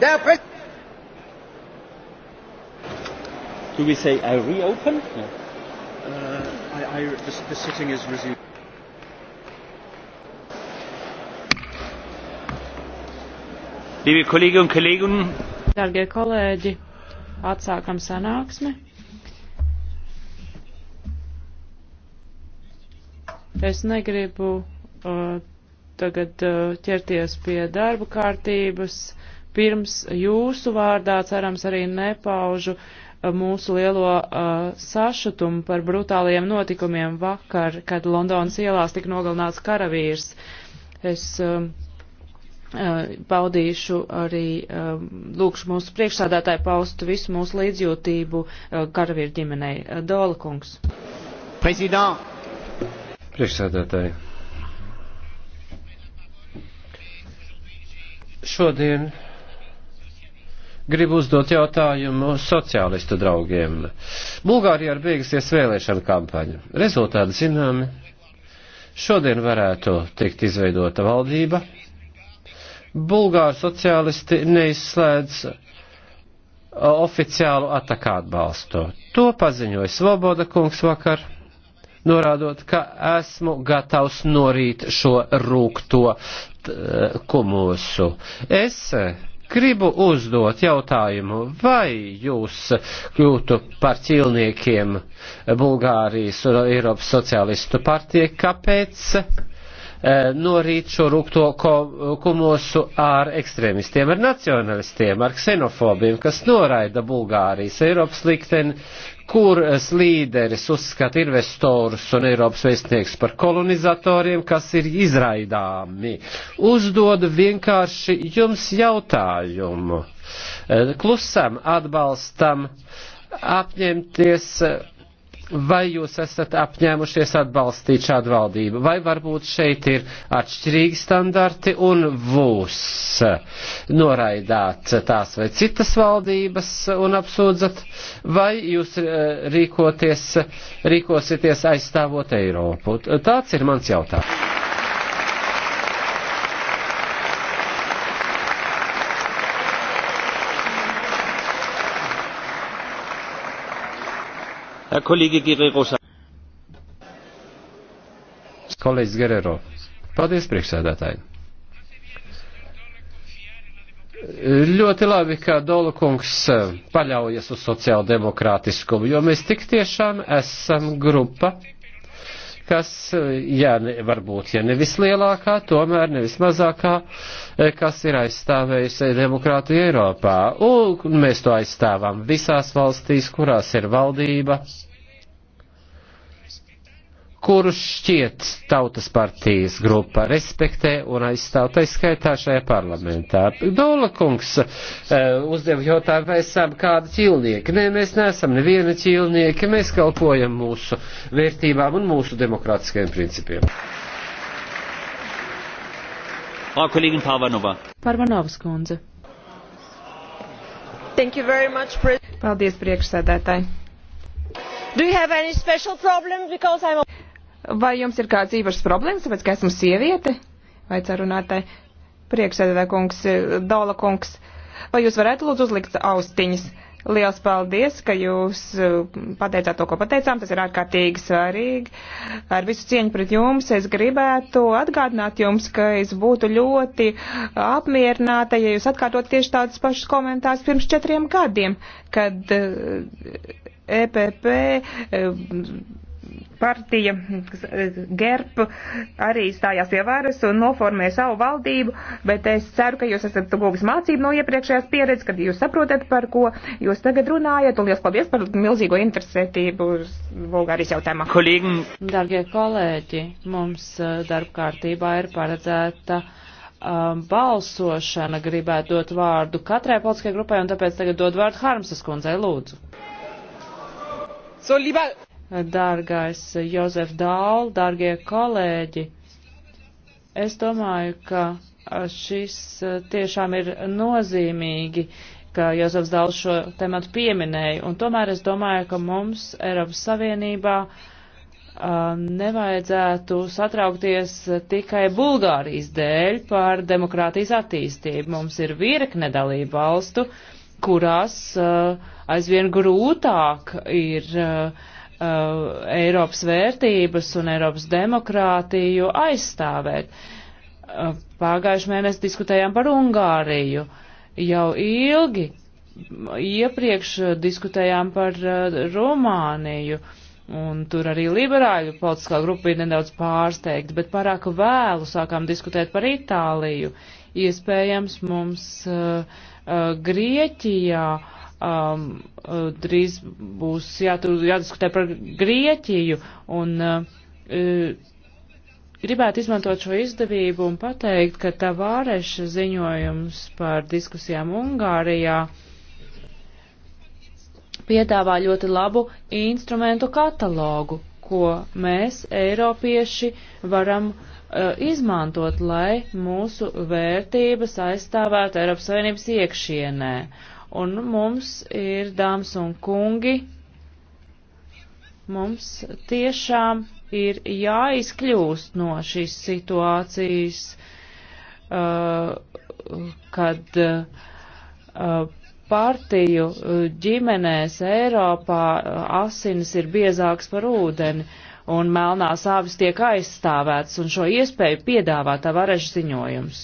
D'après. Do we say I reopen? No. Uh, I, I, the, the sitting is resumed. Liebe Kolleginnen und Kollegen, Dargie kolēģi, atsākam sanāksmi. Es negribu uh, tagad uh, ķerties pie darba kārtības. Uh, Pirms jūsu vārdā, cerams, arī nepaužu uh, mūsu lielo uh, sašutumu par brutāliem notikumiem vakar, kad Londonas ielās tika nogalināts karavīrs. Es um, uh, paudīšu arī, uh, lūkšu mūsu priekšsādātāju paust visu mūsu līdzjūtību uh, karavīru ģimenei. Uh, Dola kungs. Prezident. Priekšsādātāji. Šodien gribu uzdot jautājumu sociālistu draugiem. Bulgārijā ir beigusies vēlēšana kampaņa. Rezultāti zināmi. Šodien varētu tikt izveidota valdība. Bulgāri sociālisti neizslēdz uh, oficiālu atakā atbalstu. To paziņoja Svoboda kungs vakar, norādot, ka esmu gatavs norīt šo rūkto uh, kumusu. Es uh, Gribu uzdot jautājumu, vai jūs kļūtu par ķīlniekiem Bulgārijas un Eiropas sociālistu partija, kāpēc Eh, norīt šo rūkto kumosu ar ekstrēmistiem, ar nacionalistiem, ar ksenofobiem, kas noraida Bulgārijas Eiropas likteni, kuras eh, līderis uzskata investorus un Eiropas vēstniekus par kolonizatoriem, kas ir izraidāmi. Uzdod vienkārši jums jautājumu. Eh, klusam atbalstam apņemties vai jūs esat apņēmušies atbalstīt šādu valdību, vai varbūt šeit ir atšķirīgi standarti un jūs noraidāt tās vai citas valdības un apsūdzat, vai jūs eh, rīkoties, rīkosieties aizstāvot Eiropu. Tāds ir mans jautājums. Kolēģis Gerero. Paldies, priekšsēdētāji. Ļoti labi, ka Dola kungs eh, paļaujas uz sociāldemokrātiskumu, jo mēs tik tiešām esam grupa, kas, jā, ne, varbūt, ja nevis lielākā, tomēr nevis mazākā, eh, kas ir aizstāvējusi demokrātiju Eiropā. Un mēs to aizstāvām visās valstīs, kurās ir valdība, kurus šķiet tautas partijas grupa respektē un aizstāv taiskaitā šajā parlamentā. Dola kungs uh, uzdev jautājumu, vai esam kādi ķilnieki. Nē, mēs neesam neviena ķilnieki, mēs kalpojam mūsu vērtībām un mūsu demokrātiskajiem principiem. Parvanovas kundze. Much, Paldies priekšsēdētāji. Do you have any special problem because I'm Vai jums ir kāds īpašs problēmas, tāpēc, ka esmu sieviete? Vai cerunātai priekšsēdētā kungs, Dola kungs, vai jūs varētu lūdzu uzlikt austiņas? Liels paldies, ka jūs eh, pateicāt to, ko pateicām. Tas ir ārkārtīgi svarīgi. Ar visu cieņu pret jums es gribētu atgādināt jums, ka es būtu ļoti apmierināta, ja jūs atkārtot tieši tādus pašus komentārus pirms četriem gadiem, kad EPP eh, e partija GERP arī stājās pie varas un noformē savu valdību, bet es ceru, ka jūs esat guvis mācību no iepriekšējās pieredzes, kad jūs saprotat, par ko jūs tagad runājat, un liels paldies par milzīgo interesētību Bulgārijas jautājumā. Kolīgi. Dargie kolēģi, mums uh, darba kārtībā ir paredzēta um, balsošana, gribētu dot vārdu katrai politiskajai grupai, un tāpēc tagad dod vārdu Harmsas kundzei, lūdzu. So, lieber dārgais Jozef Dāl, dārgie kolēģi. Es domāju, ka šis uh, tiešām ir nozīmīgi, ka Jozefs Dāls šo tematu pieminēja, un tomēr es domāju, ka mums Eiropas Savienībā uh, nevajadzētu satraukties tikai Bulgārijas dēļ par demokrātijas attīstību. Mums ir virkne dalību valstu, kurās uh, aizvien grūtāk ir uh, uh, Eiropas vērtības un Eiropas demokrātiju aizstāvēt. Uh, Pagājuši mēnesi diskutējām par Ungāriju. Jau ilgi iepriekš diskutējām par uh, Rumāniju. Un tur arī liberāļu politiskā grupa ir nedaudz pārsteigta, bet pārāk vēlu sākām diskutēt par Itāliju. Iespējams, mums uh, uh, Grieķijā uh, um, drīz būs jātur, jādiskutē par Grieķiju un uh, uh, gribētu izmantot šo izdevību un pateikt, ka tā vāreša ziņojums par diskusijām Ungārijā piedāvā ļoti labu instrumentu katalogu, ko mēs, eiropieši, varam uh, izmantot, lai mūsu vērtības aizstāvētu Eiropas Savienības iekšienē. Uh, Un mums ir, dāmas un kungi, mums tiešām ir jāizkļūst no šīs situācijas, uh, kad uh, partiju ģimenēs Eiropā uh, asinis ir biezāks par ūdeni un melnās āvis tiek aizstāvēts, un šo iespēju piedāvā tā vareža ziņojums.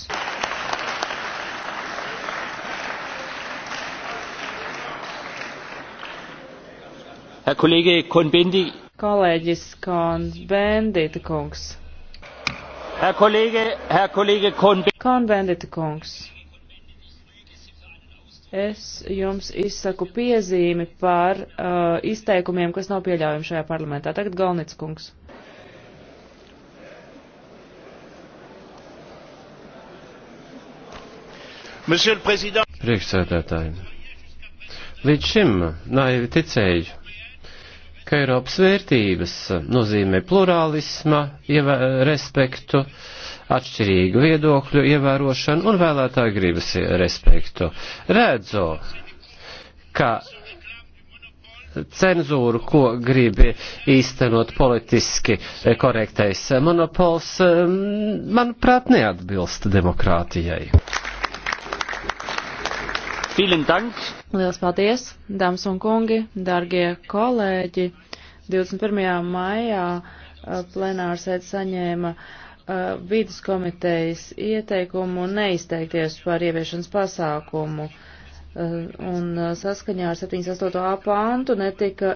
Herr Kollege Kohn-Bendit. Kolēģis Kohn-Bendita kungs. Herr Kollege, Herr Kollege Kohn-Bendita Kohn kungs. Es jums izsaku piezīmi par uh, izteikumiem, kas nav pieļaujami šajā parlamentā. Tagad Galnits kungs. Priekšsēdētāji, līdz šim naivi ticēju, ka Eiropas vērtības nozīmē plurālisma, ievē, respektu, atšķirīgu viedokļu ievērošanu un vēlētāju gribas respektu. Redzu, ka cenzūru, ko gribi īstenot politiski korektais monopols, manuprāt, neatbilst demokrātijai. Vielen Dank. Liels paldies, dāmas un kungi, dargie kolēģi. 21. maijā uh, plenārsēd saņēma uh, vidas komitejas ieteikumu neizteikties par ieviešanas pasākumu. Uh, un saskaņā ar 78. pāntu netika